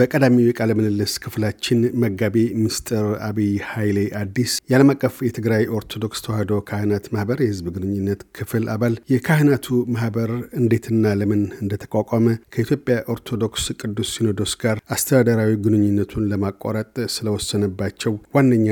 በቀዳሚው የቃለ ምልልስ ክፍላችን መጋቢ ምስጢር አብይ ኃይሌ አዲስ የዓለም አቀፍ የትግራይ ኦርቶዶክስ ተዋሕዶ ካህናት ማህበር የህዝብ ግንኙነት ክፍል አባል፣ የካህናቱ ማህበር እንዴትና ለምን እንደተቋቋመ፣ ከኢትዮጵያ ኦርቶዶክስ ቅዱስ ሲኖዶስ ጋር አስተዳደራዊ ግንኙነቱን ለማቋረጥ ስለወሰነባቸው ዋነኛ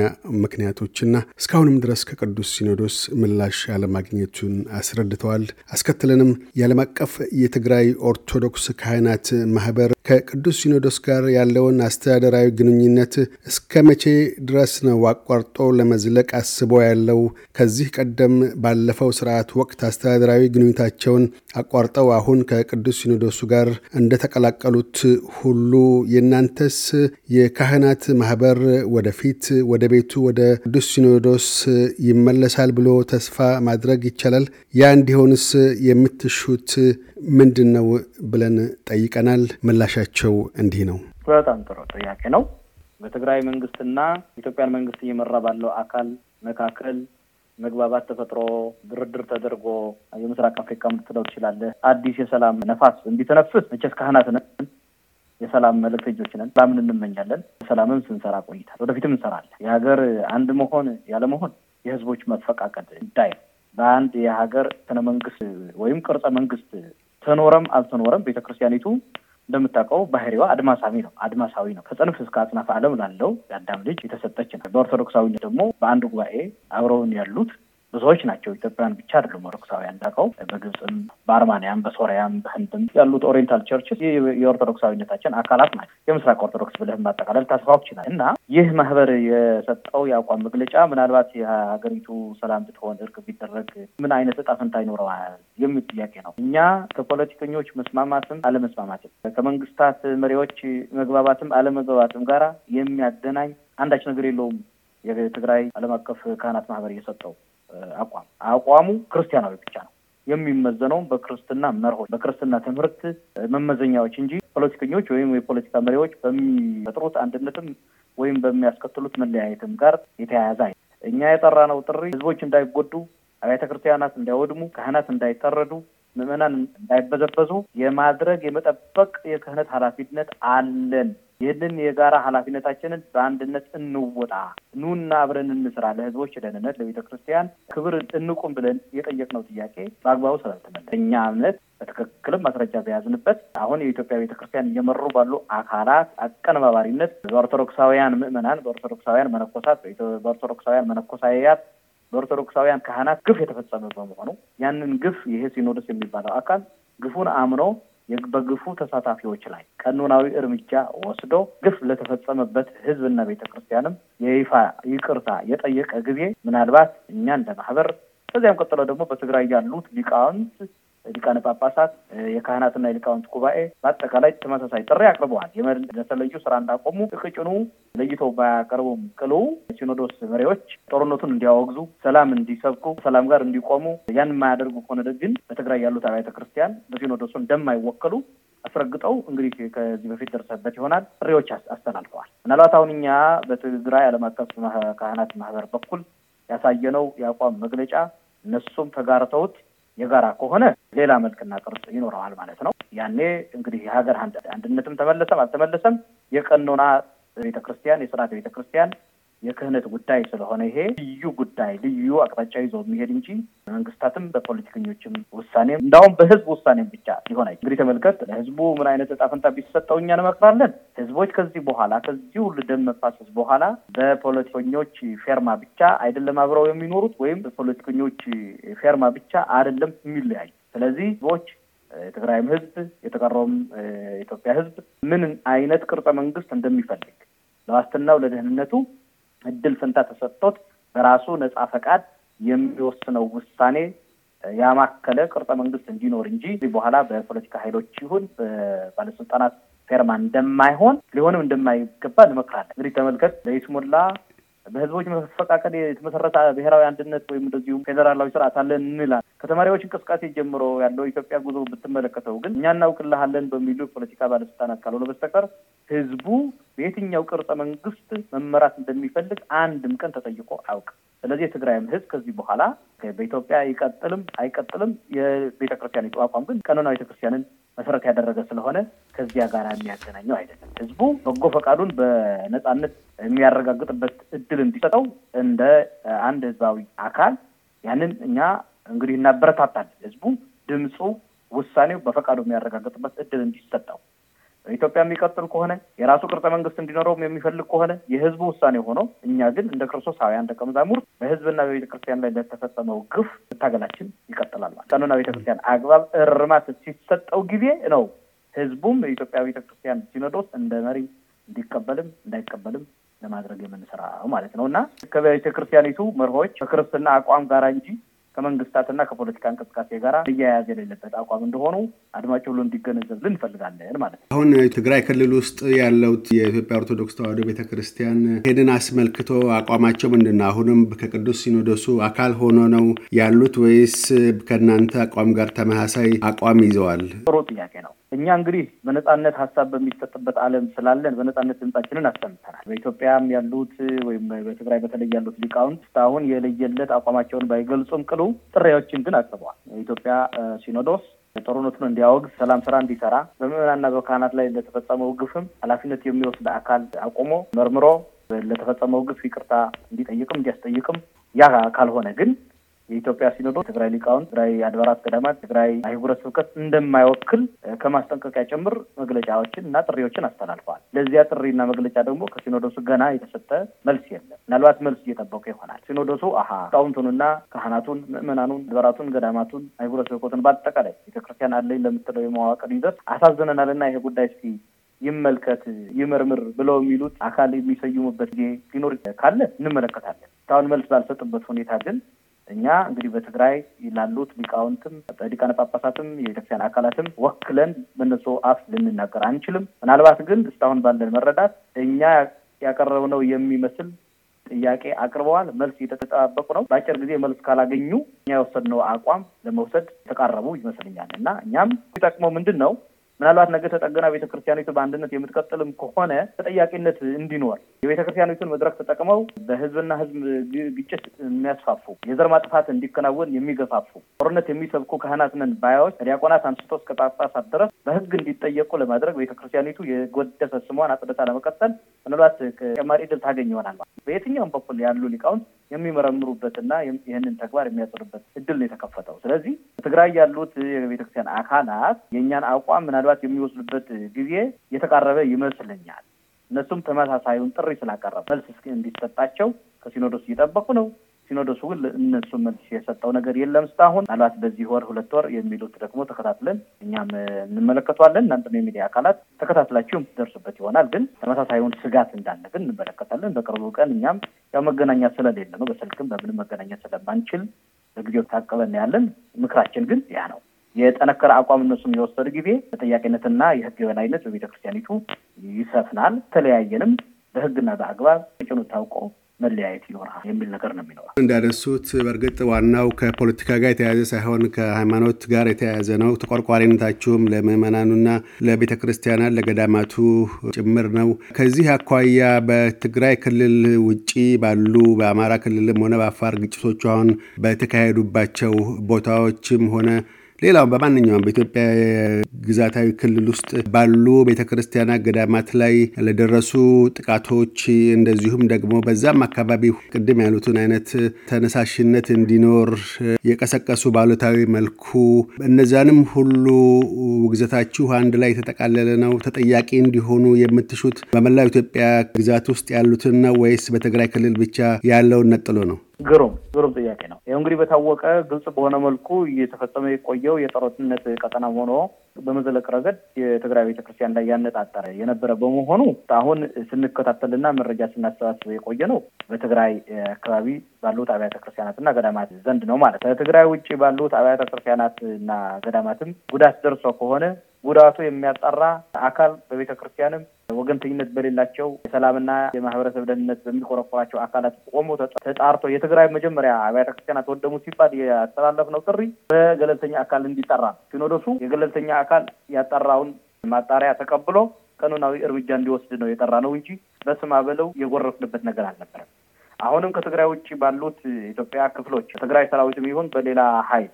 ምክንያቶችና እስካሁንም ድረስ ከቅዱስ ሲኖዶስ ምላሽ አለማግኘቱን አስረድተዋል። አስከትለንም የዓለም አቀፍ የትግራይ ኦርቶዶክስ ካህናት ማህበር ከቅዱስ ሲኖዶስ ጋር ያለውን አስተዳደራዊ ግንኙነት እስከ መቼ ድረስ ነው አቋርጦ ለመዝለቅ አስቦ ያለው? ከዚህ ቀደም ባለፈው ስርዓት ወቅት አስተዳደራዊ ግንኙነታቸውን አቋርጠው አሁን ከቅዱስ ሲኖዶሱ ጋር እንደተቀላቀሉት ሁሉ የእናንተስ የካህናት ማህበር ወደፊት ወደ ቤቱ ወደ ቅዱስ ሲኖዶስ ይመለሳል ብሎ ተስፋ ማድረግ ይቻላል? ያ እንዲሆንስ የምትሹት ምንድን ነው ብለን ጠይቀናል። ምላሻቸው እንዲህ ነው። በጣም ጥሩ ጥያቄ ነው። በትግራይ መንግስትና ኢትዮጵያን መንግስት እየመራ ባለው አካል መካከል መግባባት ተፈጥሮ ድርድር ተደርጎ የምስራቅ አፍሪካ ምትለው ትችላለህ አዲስ የሰላም ነፋስ እንዲተነፍስ መቼስ ካህናት ነን፣ የሰላም መልእክተኞች ነን። ሰላምን እንመኛለን። ሰላምም ስንሰራ ቆይታል። ወደፊትም እንሰራለን። የሀገር አንድ መሆን ያለመሆን የህዝቦች መፈቃቀድ ጉዳይ በአንድ የሀገር ስነ መንግስት ወይም ቅርጸ መንግስት ተኖረም አልተኖረም ቤተክርስቲያኒቱ እንደምታውቀው ባህሪዋ አድማሳዊ ነው። አድማሳዊ ነው። ከጽንፍ እስከ አጽናፈ ዓለም ላለው የአዳም ልጅ የተሰጠች ነው። በኦርቶዶክሳዊነት ደግሞ በአንድ ጉባኤ አብረውን ያሉት ብዙዎች ናቸው። ኢትዮጵያን ብቻ አይደሉም ኦርቶዶክሳውያን እንዳውቀው በግብፅም፣ በአርማንያም፣ በሶሪያም፣ በህንድም ያሉት ኦሪየንታል ቸርችስ የኦርቶዶክሳዊነታችን አካላት ናቸው። የምስራቅ ኦርቶዶክስ ብለህም ማጠቃለል ታስፋው ይችላል እና ይህ ማህበር የሰጠው የአቋም መግለጫ ምናልባት የሀገሪቱ ሰላም ብትሆን እርቅ ቢደረግ ምን አይነት እጣ ፈንታ ይኖረዋል የሚል ጥያቄ ነው። እኛ ከፖለቲከኞች መስማማትም አለመስማማትም ከመንግስታት መሪዎች መግባባትም አለመግባባትም ጋራ የሚያገናኝ አንዳች ነገር የለውም። የትግራይ ዓለም አቀፍ ካህናት ማህበር እየሰጠው አቋም አቋሙ ክርስቲያናዊ ብቻ ነው የሚመዘነውም በክርስትና መርሆች በክርስትና ትምህርት መመዘኛዎች እንጂ ፖለቲከኞች ወይም የፖለቲካ መሪዎች በሚፈጥሩት አንድነትም ወይም በሚያስከትሉት መለያየትም ጋር የተያያዘ አይ እኛ የጠራነው ጥሪ ህዝቦች እንዳይጎዱ፣ አብያተ ክርስቲያናት እንዳይወድሙ፣ ካህናት እንዳይታረዱ፣ ምዕመናን እንዳይበዘበዙ የማድረግ የመጠበቅ የክህነት ኃላፊነት አለን ይህንን የጋራ ኃላፊነታችንን በአንድነት እንወጣ፣ ኑና አብረን እንስራ፣ ለህዝቦች ደህንነት፣ ለቤተ ክርስቲያን ክብር እንቁም ብለን የጠየቅነው ጥያቄ በአግባቡ ስላልተመለሰ እኛ እምነት በትክክልም ማስረጃ በያዝንበት አሁን የኢትዮጵያ ቤተ ክርስቲያን እየመሩ ባሉ አካላት አቀነባባሪነት በኦርቶዶክሳውያን ምእመናን፣ በኦርቶዶክሳውያን መነኮሳት፣ በኦርቶዶክሳውያን መነኮሳያት በኦርቶዶክሳውያን ካህናት ግፍ የተፈጸመ በመሆኑ ያንን ግፍ ይሄ ሲኖዶስ የሚባለው አካል ግፉን አምኖ በግፉ ተሳታፊዎች ላይ ቀኖናዊ እርምጃ ወስዶ ግፍ ለተፈጸመበት ህዝብና ቤተ ክርስቲያንም የይፋ ይቅርታ የጠየቀ ጊዜ ምናልባት እኛ እንደ ማህበር ከዚያም ቀጥሎ ደግሞ በትግራይ ያሉት ሊቃውንት ሊቃነ ጳጳሳት፣ የካህናትና የሊቃውንት ጉባኤ በአጠቃላይ ተመሳሳይ ጥሪ አቅርበዋል። የተለዩ ስራ እንዳቆሙ ቅጭኑ ለይተው ባያቀርቡም ቅሉ ሲኖዶስ መሪዎች ጦርነቱን እንዲያወግዙ፣ ሰላም እንዲሰብኩ፣ ሰላም ጋር እንዲቆሙ ያን የማያደርጉ ከሆነ ግን በትግራይ ያሉት አብያተ ክርስቲያን በሲኖዶሱ እንደማይወከሉ አስረግጠው እንግዲህ ከዚህ በፊት ደርሰበት ይሆናል ጥሪዎች አስተላልፈዋል። ምናልባት አሁን እኛ በትግራይ ዓለም አቀፍ ካህናት ማህበር በኩል ያሳየነው የአቋም መግለጫ እነሱም ተጋርተውት የጋራ ከሆነ ሌላ መልክና ቅርጽ ይኖረዋል ማለት ነው። ያኔ እንግዲህ የሀገር አንድነትም ተመለሰም አልተመለሰም የቀኖና ቤተክርስቲያን የስርዓት ቤተክርስቲያን የክህነት ጉዳይ ስለሆነ ይሄ ልዩ ጉዳይ ልዩ አቅጣጫ ይዞ የሚሄድ እንጂ መንግስታትም በፖለቲከኞችም ውሳኔ እንዳሁም በህዝብ ውሳኔም ብቻ ሊሆን አይ እንግዲህ ተመልከት ለህዝቡ ምን አይነት እጣ ፈንታ ቢሰጠው እኛ እንመክራለን። ህዝቦች ከዚህ በኋላ ከዚህ ሁሉ ደም መፋሰስ በኋላ በፖለቲከኞች ፌርማ ብቻ አይደለም አብረው የሚኖሩት ወይም በፖለቲከኞች ፌርማ ብቻ አይደለም የሚለያዩ። ስለዚህ ህዝቦች የትግራይም ህዝብ የተቀረውም የኢትዮጵያ ህዝብ ምን አይነት ቅርጸ መንግስት እንደሚፈልግ ለዋስትናው ለደህንነቱ እድል ፍንታ ተሰጥቶት በራሱ ነጻ ፈቃድ የሚወስነው ውሳኔ ያማከለ ቅርጸ መንግስት እንዲኖር እንጂ በኋላ በፖለቲካ ኃይሎች ይሁን በባለስልጣናት ፌርማ እንደማይሆን ሊሆንም እንደማይገባ እንመክራለን። እንግዲህ ተመልከት ለይስሙላ በህዝቦች መፈቃቀል የተመሰረተ ብሔራዊ አንድነት ወይም እንደዚሁም ፌዴራላዊ ስርዓት አለን እንላል። ከተማሪዎች እንቅስቃሴ ጀምሮ ያለው ኢትዮጵያ ጉዞ ብትመለከተው ግን እኛ እናውቅልሃለን በሚሉ የፖለቲካ ባለስልጣናት ካልሆነ በስተቀር ህዝቡ በየትኛው ቅርጸ መንግስት መመራት እንደሚፈልግ አንድም ቀን ተጠይቆ አያውቅም። ስለዚህ የትግራይም ህዝብ ከዚህ በኋላ በኢትዮጵያ ይቀጥልም አይቀጥልም የቤተክርስቲያን አቋም ግን ቀኖናዊ ቤተክርስቲያንን መሰረት ያደረገ ስለሆነ ከዚያ ጋር የሚያገናኘው አይደለም። ህዝቡ በጎ ፈቃዱን በነፃነት የሚያረጋግጥበት እድል እንዲሰጠው እንደ አንድ ህዝባዊ አካል ያንን እኛ እንግዲህ እናበረታታለን። ህዝቡ ድምፁ፣ ውሳኔው በፈቃዱ የሚያረጋግጥበት እድል እንዲሰጠው ኢትዮጵያ የሚቀጥል ከሆነ የራሱ ቅርጸ መንግስት እንዲኖረውም የሚፈልግ ከሆነ የህዝቡ ውሳኔ ሆኖ፣ እኛ ግን እንደ ክርስቶሳውያን ደቀ መዛሙርት በህዝብና በቤተክርስቲያን ላይ ለተፈጸመው ግፍ መታገላችን ይቀጥላል። ቀኑና ቤተክርስቲያን አግባብ እርማት ሲሰጠው ጊዜ ነው ህዝቡም የኢትዮጵያ ቤተክርስቲያን ሲኖዶስ እንደ መሪ እንዲቀበልም እንዳይቀበልም ለማድረግ የምንሰራው ማለት ነው እና ከቤተክርስቲያኒቱ መርሆች ከክርስትና አቋም ጋር እንጂ ከመንግስታትና ከፖለቲካ እንቅስቃሴ ጋር እያያዝ የሌለበት አቋም እንደሆኑ አድማጭ ሁሉ እንዲገነዘብ እንፈልጋለን ማለት ነው። አሁን ትግራይ ክልል ውስጥ ያለውት የኢትዮጵያ ኦርቶዶክስ ተዋሕዶ ቤተክርስቲያን ሄድን አስመልክቶ አቋማቸው ምንድን ነው? አሁንም ከቅዱስ ሲኖዶሱ አካል ሆኖ ነው ያሉት ወይስ ከእናንተ አቋም ጋር ተመሳሳይ አቋም ይዘዋል? ጥሩ ጥያቄ ነው። እኛ እንግዲህ በነጻነት ሀሳብ በሚሰጥበት ዓለም ስላለን በነጻነት ድምጻችንን አሰምተናል። በኢትዮጵያም ያሉት ወይም በትግራይ በተለይ ያሉት ሊቃውንት እስካሁን የለየለት አቋማቸውን ባይገልጹም ቅሉ ጥሪዎችን ግን አቅርበዋል። የኢትዮጵያ ሲኖዶስ ጦርነቱን እንዲያወግ ሰላም ስራ እንዲሰራ በምዕመናና በካህናት ላይ እንደተፈጸመው ግፍም ኃላፊነት የሚወስድ አካል አቁሞ መርምሮ ለተፈጸመው ግፍ ይቅርታ እንዲጠይቅም እንዲያስጠይቅም ያ ካልሆነ ግን የኢትዮጵያ ሲኖዶስ ትግራይ ሊቃውንት፣ ትግራይ አድባራት ገዳማት፣ ትግራይ አህጉረ ስብከት እንደማይወክል ከማስጠንቀቂያ ጭምር መግለጫዎችን እና ጥሪዎችን አስተላልፈዋል። ለዚያ ጥሪና መግለጫ ደግሞ ከሲኖዶሱ ገና የተሰጠ መልስ የለም። ምናልባት መልስ እየጠበቁ ይሆናል። ሲኖዶሱ አሀ ሊቃውንቱንና ካህናቱን፣ ምዕመናኑን፣ አድባራቱን፣ ገዳማቱን፣ አህጉረ ስብከቱን በአጠቃላይ ቤተክርስቲያን አለኝ ለምትለው የመዋቅር ይዘት አሳዝነናልና ይሄ ጉዳይ እስኪ ይመልከት ይመርምር ብለው የሚሉት አካል የሚሰይሙበት ጊዜ ሊኖር ካለ እንመለከታለን። እስካሁን መልስ ባልሰጥበት ሁኔታ ግን እኛ እንግዲህ በትግራይ ላሉት ሊቃውንትም ሊቃነ ጳጳሳትም የቤተክርስቲያን አካላትም ወክለን በነሱ አፍ ልንናገር አንችልም። ምናልባት ግን እስካሁን ባለን መረዳት እኛ ያቀረብነው የሚመስል ጥያቄ አቅርበዋል። መልስ እየተጠባበቁ ነው። በአጭር ጊዜ መልስ ካላገኙ እኛ የወሰድነው አቋም ለመውሰድ የተቃረቡ ይመስለኛል እና እኛም የሚጠቅመው ምንድን ነው ምናልባት ነገ ተጠገና ቤተክርስቲያኒቱ በአንድነት የምትቀጥልም ከሆነ ተጠያቂነት እንዲኖር የቤተክርስቲያኒቱን መድረክ ተጠቅመው በህዝብና ህዝብ ግጭት የሚያስፋፉ የዘር ማጥፋት እንዲከናወን የሚገፋፉ ጦርነት የሚሰብኩ ካህናት ነን ባያዎች ከዲያቆናት አንስቶ እስከ ጳጳሳት ድረስ በህግ እንዲጠየቁ ለማድረግ ቤተክርስቲያኒቱ የጎደፈ ስሟን አጽድታ ለመቀጠል ምናልባት ተጨማሪ ድል ታገኝ ይሆናል። በየትኛውም በኩል ያሉ ሊቃውንት የሚመረምሩበትና ይህንን ተግባር የሚያጽዱበት እድል ነው የተከፈተው። ስለዚህ በትግራይ ያሉት የቤተክርስቲያን አካላት የእኛን አቋም ምናልባት የሚወስዱበት ጊዜ የተቃረበ ይመስለኛል። እነሱም ተመሳሳዩን ጥሪ ስላቀረበ መልስ እንዲሰጣቸው ከሲኖዶስ እየጠበቁ ነው። ሲኖዶሱ ግን እነሱ መልስ የሰጠው ነገር የለም እስካሁን። ምናልባት በዚህ ወር ሁለት ወር የሚሉት ደግሞ ተከታትለን እኛም እንመለከቷለን። እናንተም የሚዲያ አካላት ተከታትላችሁ የምትደርሱበት ይሆናል። ግን ተመሳሳዩን ስጋት እንዳለ ግን እንመለከታለን። በቅርቡ ቀን እኛም ያው መገናኛ ስለሌለ ነው፣ በስልክም በምንም መገናኛ ስለማንችል ለጊዜው ታቀበን ያለን። ምክራችን ግን ያ ነው። የጠነከረ አቋም እነሱም የወሰዱ ጊዜ ተጠያቂነትና የህግ የበላይነት በቤተክርስቲያኒቱ ይሰፍናል። ተለያየንም በህግና በአግባብ ጭኑ ታውቆ መለያየት ይኖርሃል የሚል ነገር ነው የሚኖራል። እንዳነሱት በእርግጥ ዋናው ከፖለቲካ ጋር የተያያዘ ሳይሆን ከሃይማኖት ጋር የተያያዘ ነው። ተቆርቋሪነታችሁም ለምእመናኑና ለቤተ ክርስቲያናት ለገዳማቱ ጭምር ነው። ከዚህ አኳያ በትግራይ ክልል ውጪ ባሉ በአማራ ክልልም ሆነ በአፋር ግጭቶቹ አሁን በተካሄዱባቸው ቦታዎችም ሆነ ሌላው በማንኛውም በኢትዮጵያ ግዛታዊ ክልል ውስጥ ባሉ ቤተክርስቲያናት፣ ገዳማት ላይ ለደረሱ ጥቃቶች እንደዚሁም ደግሞ በዛም አካባቢ ቅድም ያሉትን አይነት ተነሳሽነት እንዲኖር የቀሰቀሱ ባሉታዊ መልኩ እነዛንም ሁሉ ውግዘታችሁ አንድ ላይ የተጠቃለለ ነው። ተጠያቂ እንዲሆኑ የምትሹት በመላው ኢትዮጵያ ግዛት ውስጥ ያሉትን ነው ወይስ በትግራይ ክልል ብቻ ያለውን ነጥሎ ነው? ግሩም ግሩም ጥያቄ ነው። ይኸው እንግዲህ በታወቀ ግልጽ በሆነ መልኩ እየተፈጸመ የቆየው የጦርነት ቀጠና ሆኖ በመዘለቅ ረገድ የትግራይ ቤተክርስቲያን ላይ ያነጣጠረ የነበረ በመሆኑ አሁን ስንከታተልና መረጃ ስናሰባስብ የቆየ ነው በትግራይ አካባቢ ባሉት አብያተ ክርስቲያናትና ገዳማት ዘንድ ነው ማለት ከትግራይ ውጭ ባሉት አብያተ ክርስቲያናትና ገዳማትም ጉዳት ደርሶ ከሆነ ጉዳቱ የሚያጣራ አካል በቤተ ክርስቲያንም ወገንተኝነት በሌላቸው የሰላምና የማህበረሰብ ደህንነት በሚቆረቆራቸው አካላት ቆሞ ተጣርቶ የትግራይ መጀመሪያ አብያተ ክርስቲያናት ወደሙ ሲባል ያስተላለፍነው ጥሪ በገለልተኛ አካል እንዲጠራ ሲኖዶሱ የገለልተኛ አካል ያጠራውን ማጣሪያ ተቀብሎ ቀኖናዊ እርምጃ እንዲወስድ ነው የጠራ ነው እንጂ በስማ በለው የጎረፍንበት ነገር አልነበረም። አሁንም ከትግራይ ውጭ ባሉት ኢትዮጵያ ክፍሎች ትግራይ ሰራዊትም ይሁን በሌላ ሀይል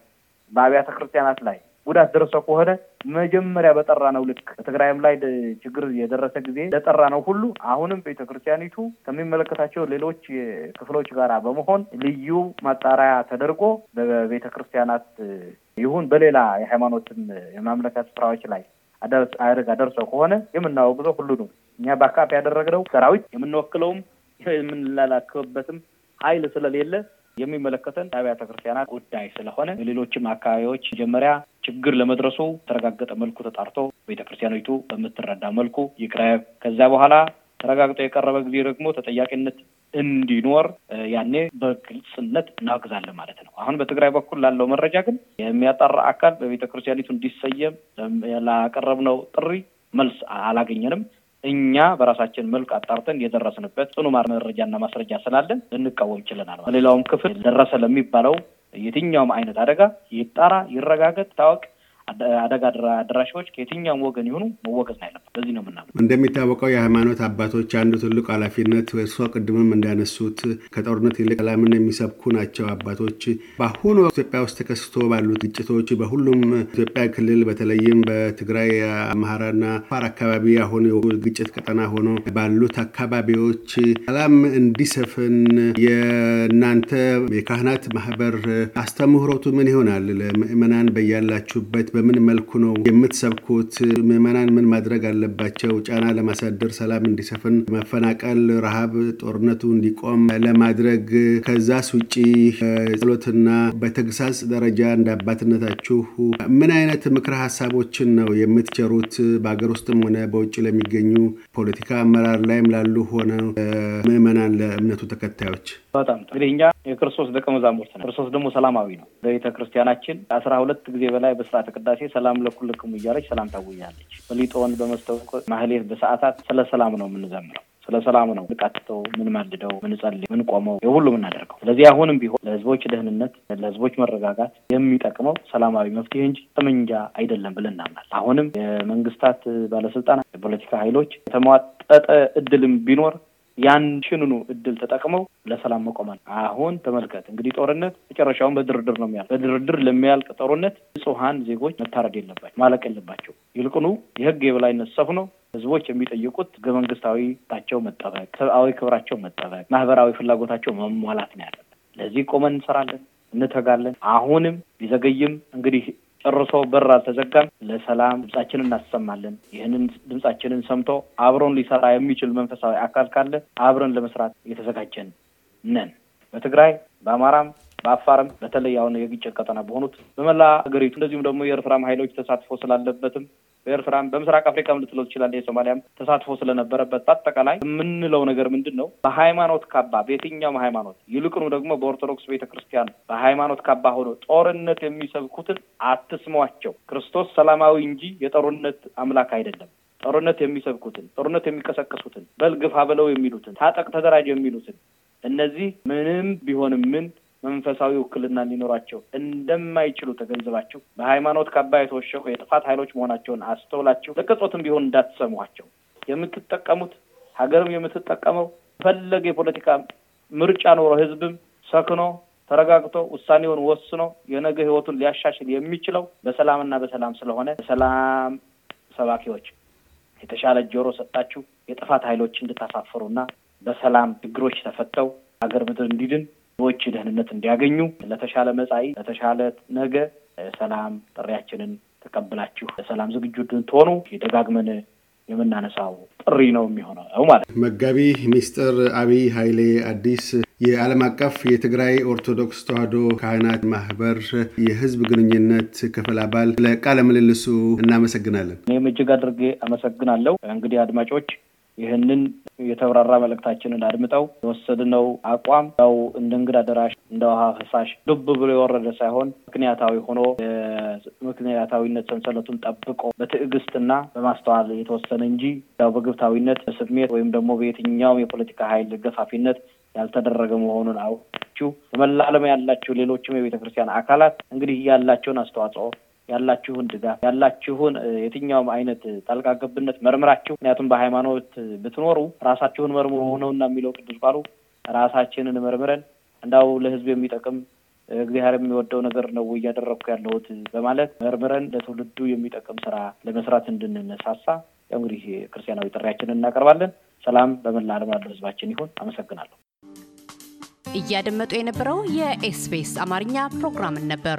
በአብያተ ክርስቲያናት ላይ ጉዳት ደርሶ ከሆነ መጀመሪያ በጠራ ነው ልክ በትግራይም ላይ ችግር የደረሰ ጊዜ ለጠራ ነው ሁሉ አሁንም ቤተክርስቲያኒቱ ከሚመለከታቸው ሌሎች ክፍሎች ጋር በመሆን ልዩ ማጣሪያ ተደርጎ በቤተ ክርስቲያናት ይሁን በሌላ የሃይማኖትን የማምለኪያ ስፍራዎች ላይ አደጋ ደርሰው ከሆነ የምናወግዘው ሁሉ ነው። እኛ በአካባቢ ያደረግነው ሰራዊት የምንወክለውም የምንላላክበትም ኃይል ስለሌለ የሚመለከተን አብያተ ክርስቲያናት ጉዳይ ስለሆነ ሌሎችም አካባቢዎች መጀመሪያ ችግር ለመድረሱ ተረጋገጠ መልኩ ተጣርቶ ቤተክርስቲያኒቱ በምትረዳ መልኩ ይቅረብ። ከዚያ በኋላ ተረጋግጦ የቀረበ ጊዜ ደግሞ ተጠያቂነት እንዲኖር ያኔ በግልጽነት እናግዛለን ማለት ነው። አሁን በትግራይ በኩል ላለው መረጃ ግን የሚያጣራ አካል በቤተ ክርስቲያኒቱ እንዲሰየም ላቀረብነው ጥሪ መልስ አላገኘንም። እኛ በራሳችን መልክ አጣርተን የደረስንበት ጽኑ መረጃና ማስረጃ ስላለን ልንቃወም ችለናል። በሌላውም ክፍል ደረሰ ለሚባለው የትኛውም አይነት አደጋ ይጣራ፣ ይረጋገጥ፣ ታወቅ አደጋ አድራሾች ከየትኛውም ወገን የሆኑ መወገዝ ነው ያለበት። በዚህ ነው የምናምነው። እንደሚታወቀው የሃይማኖት አባቶች አንዱ ትልቁ ኃላፊነት እርሷ ቅድምም እንዳነሱት ከጦርነት ይልቅ ሰላምን የሚሰብኩ ናቸው አባቶች። በአሁኑ ኢትዮጵያ ውስጥ ተከስቶ ባሉት ግጭቶች በሁሉም ኢትዮጵያ ክልል በተለይም በትግራይ አምሃራና አፋር አካባቢ አሁን ግጭት ቀጠና ሆኖ ባሉት አካባቢዎች ሰላም እንዲሰፍን የእናንተ የካህናት ማህበር አስተምህሮቱ ምን ይሆናል? ለምእመናን በያላችሁበት በምን መልኩ ነው የምትሰብኩት? ምዕመናን ምን ማድረግ አለባቸው? ጫና ለማሳደር ሰላም እንዲሰፍን፣ መፈናቀል፣ ረሃብ፣ ጦርነቱ እንዲቆም ለማድረግ ከዛስ ውጭ ጸሎትና በተግሳጽ ደረጃ እንደ አባትነታችሁ ምን አይነት ምክረ ሀሳቦችን ነው የምትቸሩት? በሀገር ውስጥም ሆነ በውጭ ለሚገኙ ፖለቲካ አመራር ላይም ላሉ ሆነ ምዕመናን ለእምነቱ ተከታዮች በጣም እንግዲህ እኛ የክርስቶስ ደቀ መዛሙርት ነው። ክርስቶስ ደግሞ ሰላማዊ ነው። በቤተ ክርስቲያናችን አስራ ሁለት ጊዜ በላይ በስርዓተ ቅዳሴ ሰላም ለኩልክሙ እያለች ሰላም ታውያለች። በሊጦን በመስተወቅ ማህሌት በሰዓታት ስለ ሰላም ነው የምንዘምረው። ስለ ሰላም ነው ምንቃትተው፣ ምንማልደው፣ ምንጸልይ፣ ምንቆመው የሁሉ ምናደርገው። ስለዚህ አሁንም ቢሆን ለህዝቦች ደህንነት፣ ለህዝቦች መረጋጋት የሚጠቅመው ሰላማዊ መፍትሄ እንጂ ጠመንጃ አይደለም ብለን እናምናል። አሁንም የመንግስታት ባለስልጣናት፣ የፖለቲካ ኃይሎች የተሟጠጠ እድልም ቢኖር ያንሽንኑ እድል ተጠቅመው ለሰላም መቆማል። አሁን ተመልከት እንግዲህ ጦርነት መጨረሻውን በድርድር ነው የሚያልቅ። በድርድር ለሚያልቅ ጦርነት ንጹሐን ዜጎች መታረድ የለባቸው ማለቅ የለባቸው። ይልቁኑ የህግ የበላይነት ሰፍኖ ህዝቦች የሚጠይቁት ህገ መንግስታዊታቸው መጠበቅ፣ ሰብአዊ ክብራቸው መጠበቅ፣ ማህበራዊ ፍላጎታቸው መሟላት ነው ያለበት። ለዚህ ቆመን እንሰራለን፣ እንተጋለን። አሁንም ቢዘገይም እንግዲህ ጨርሶ በር አልተዘጋም። ለሰላም ድምጻችን እናሰማለን። ይህንን ድምጻችንን ሰምቶ አብሮን ሊሰራ የሚችል መንፈሳዊ አካል ካለ አብረን ለመስራት እየተዘጋጀን ነን። በትግራይ በአማራም በአፋርም በተለይ አሁን የግጭት ቀጠና በሆኑት በመላ ሀገሪቱ እንደዚሁም ደግሞ የኤርትራም ኃይሎች ተሳትፎ ስላለበትም በኤርትራም በምስራቅ አፍሪካ ልትለው ትችላለህ። የሶማሊያም ተሳትፎ ስለነበረበት በአጠቃላይ የምንለው ነገር ምንድን ነው? በሃይማኖት ካባ በየትኛውም ሃይማኖት ይልቁኑ ደግሞ በኦርቶዶክስ ቤተ ክርስቲያን በሃይማኖት ካባ ሆኖ ጦርነት የሚሰብኩትን አትስሟቸው። ክርስቶስ ሰላማዊ እንጂ የጦርነት አምላክ አይደለም። ጦርነት የሚሰብኩትን፣ ጦርነት የሚቀሰቀሱትን፣ በል ግፋ በለው የሚሉትን፣ ታጠቅ ተደራጅ የሚሉትን እነዚህ ምንም ቢሆንም ምን መንፈሳዊ ውክልና እንዲኖራቸው እንደማይችሉ ተገንዝባቸው በሃይማኖት ካባ የተወሸቁ የጥፋት ኃይሎች መሆናቸውን አስተውላቸው ለቅጾትም ቢሆን እንዳትሰሟቸው የምትጠቀሙት ሀገርም የምትጠቀመው ፈለገ የፖለቲካ ምርጫ ኖሮ ህዝብም ሰክኖ ተረጋግቶ ውሳኔውን ወስኖ የነገ ህይወቱን ሊያሻሽል የሚችለው በሰላምና በሰላም ስለሆነ ሰላም ሰባኪዎች የተሻለ ጆሮ ሰጣችሁ የጥፋት ኃይሎች እንድታሳፍሩና በሰላም ችግሮች ተፈተው ሀገር ምድር እንዲድን ህዝቦች ደህንነት እንዲያገኙ ለተሻለ መጻኢ ለተሻለ ነገ ሰላም ጥሪያችንን ተቀብላችሁ ለሰላም ዝግጁ እንድትሆኑ የደጋግመን የምናነሳው ጥሪ ነው የሚሆነው ማለት መጋቢ ሚስጥር አብይ ኃይሌ አዲስ የዓለም አቀፍ የትግራይ ኦርቶዶክስ ተዋህዶ ካህናት ማህበር የህዝብ ግንኙነት ክፍል አባል ለቃለ ምልልሱ እናመሰግናለን። እኔም እጅግ አድርጌ አመሰግናለሁ። እንግዲህ አድማጮች ይህንን የተብራራ መልእክታችንን አድምጠው የወሰድነው አቋም ያው እንደ እንግዳ ደራሽ እንደ ውሃ ፈሳሽ ዱብ ብሎ የወረደ ሳይሆን ምክንያታዊ ሆኖ የምክንያታዊነት ሰንሰለቱን ጠብቆ በትዕግስትና በማስተዋል የተወሰነ እንጂ ያው በግብታዊነት በስሜት ወይም ደግሞ በየትኛውም የፖለቲካ ኃይል ገፋፊነት ያልተደረገ መሆኑን አውቃችሁ በመላ ዓለም ያላችሁ ሌሎችም የቤተክርስቲያን አካላት እንግዲህ ያላቸውን አስተዋጽኦ ያላችሁን ድጋፍ ያላችሁን የትኛውም አይነት ጣልቃ ገብነት መርምራችሁ፣ ምክንያቱም በሃይማኖት ብትኖሩ ራሳችሁን መርምሮ ሆነውና የሚለው ቅዱስ ቃሉ ራሳችንን መርምረን እንዳው ለህዝብ የሚጠቅም እግዚአብሔር የሚወደው ነገር ነው እያደረግኩ ያለሁት በማለት መርምረን ለትውልዱ የሚጠቅም ስራ ለመስራት እንድንነሳሳ ያው እንግዲህ ክርስቲያናዊ ጥሪያችንን እናቀርባለን። ሰላም በመላ ዓለም ላለው ህዝባችን ይሁን። አመሰግናለሁ። እያደመጡ የነበረው የኤስቢኤስ አማርኛ ፕሮግራምን ነበር።